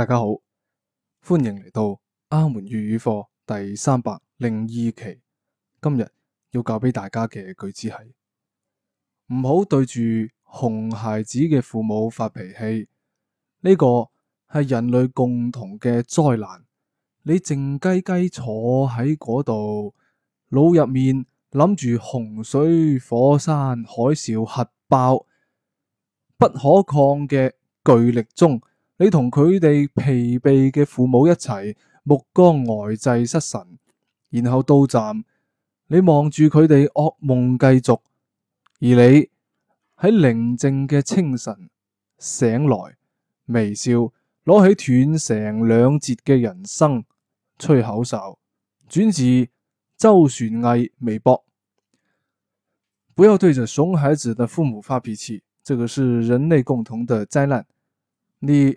大家好，歡迎嚟到阿門粵語課第三百零二期。今日要教俾大家嘅句子係：唔好對住熊孩子嘅父母發脾氣。呢個係人類共同嘅災難。你靜雞雞坐喺嗰度，腦入面諗住洪水、火山、海嘯、核爆，不可抗嘅巨力中。你同佢哋疲憊嘅父母一齊，目光呆滯失神，然後到站，你望住佢哋噩夢繼續，而你喺寧靜嘅清晨醒來，微笑，攞起斷成兩截嘅人生吹口哨。轉自周旋毅微博，不要對着熊孩子的父母發脾氣，這個是人類共同的災難，你。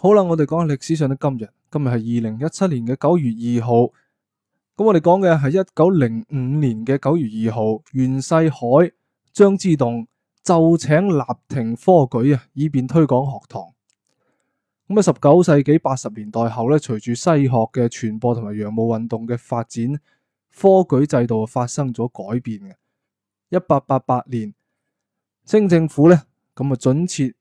好啦，我哋講下歷史上嘅今，今日。今日係二零一七年嘅九月二號。咁我哋講嘅係一九零五年嘅九月二號，袁世凱、張之洞就請立停科舉啊，以便推廣學堂。咁啊，十九世紀八十年代後咧，隨住西學嘅傳播同埋洋務運動嘅發展，科舉制度發生咗改變嘅。一八八八年，清政府咧咁啊准設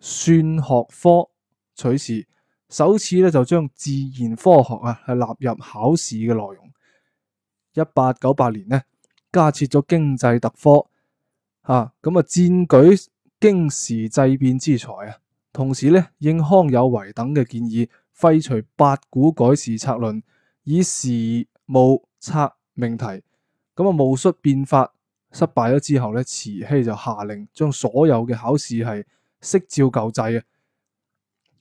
算學科。取士首次咧就將自然科學啊係納入考試嘅內容。一八九八年呢，加設咗經濟特科。吓咁啊，薦舉經時制變之才啊。同時呢，應康有為等嘅建議，廢除八股改試策論，以時務策命題。咁啊，戊戌變法失敗咗之後呢，慈禧就下令將所有嘅考試係悉照舊制啊。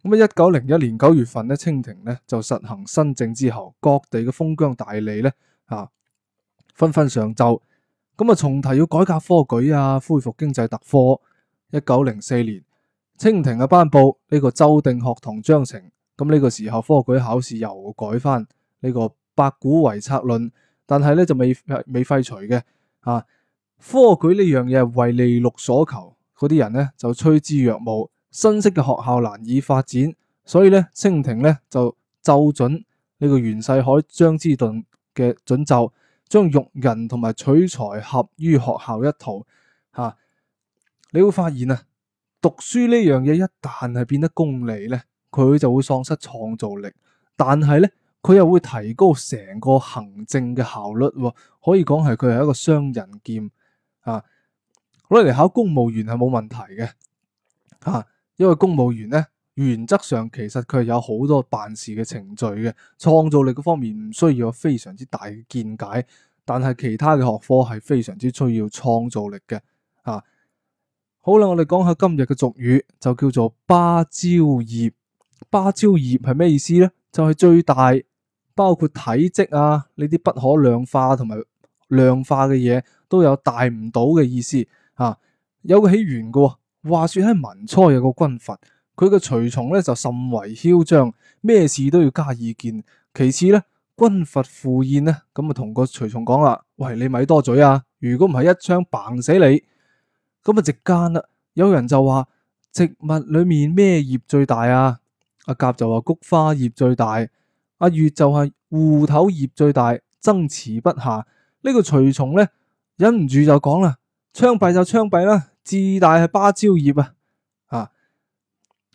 咁啊，一九零一年九月份咧，清廷咧就實行新政之後，各地嘅封疆大吏咧，啊，紛紛上奏，咁啊，重提要改革科舉啊，恢復經濟特科。一九零四年，清廷嘅頒布呢個《周定學堂章程》，咁呢個時候科舉考試又改翻呢個八股為策論，但係咧就未未廢除嘅，啊，科舉呢樣嘢為利祿所求，嗰啲人咧就趨之若鶩。新式嘅學校難以發展，所以咧清廷咧就就准呢個袁世凱、張之洞嘅准咒，將育人同埋取才合於學校一途。吓、啊，你會發現啊，讀書呢樣嘢一旦係變得功利咧，佢就會喪失創造力，但係咧佢又會提高成個行政嘅效率，啊、可以講係佢係一個雙刃劍。啊。攞嚟考公務員係冇問題嘅。吓、啊。因為公務員咧，原則上其實佢係有好多辦事嘅程序嘅，創造力嗰方面唔需要有非常之大嘅見解，但係其他嘅學科係非常之需要創造力嘅。啊，好啦，我哋講下今日嘅俗語，就叫做芭蕉葉。芭蕉葉係咩意思咧？就係、是、最大，包括體積啊呢啲不可量化同埋量化嘅嘢都有大唔到嘅意思。啊，有個起源噶、哦。話說喺民初有個軍閥，佢嘅隨從咧就甚為囂張，咩事都要加意見。其次咧，軍閥赴宴呢，咁啊同個隨從講啦，喂，你咪多嘴啊！如果唔係一槍棒死你，咁啊席間啦，有人就話植物裏面咩葉最大啊？阿甲就話菊花葉最大，阿月就係芋頭葉最大，爭持不下。這個、呢個隨從咧忍唔住就講啦。槍斃就槍斃啦，至大係芭蕉葉啊，啊，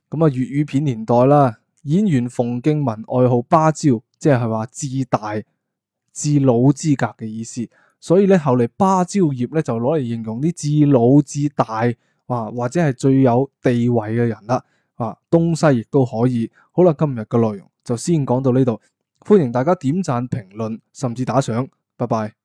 咁啊粵語片年代啦，演員馮敬文愛好芭蕉，即係話至大至老資格嘅意思，所以咧後嚟芭蕉葉咧就攞嚟形容啲至老至大啊，或者係最有地位嘅人啦，啊東西亦都可以。好啦，今日嘅內容就先講到呢度，歡迎大家點讚、評論甚至打賞，拜拜。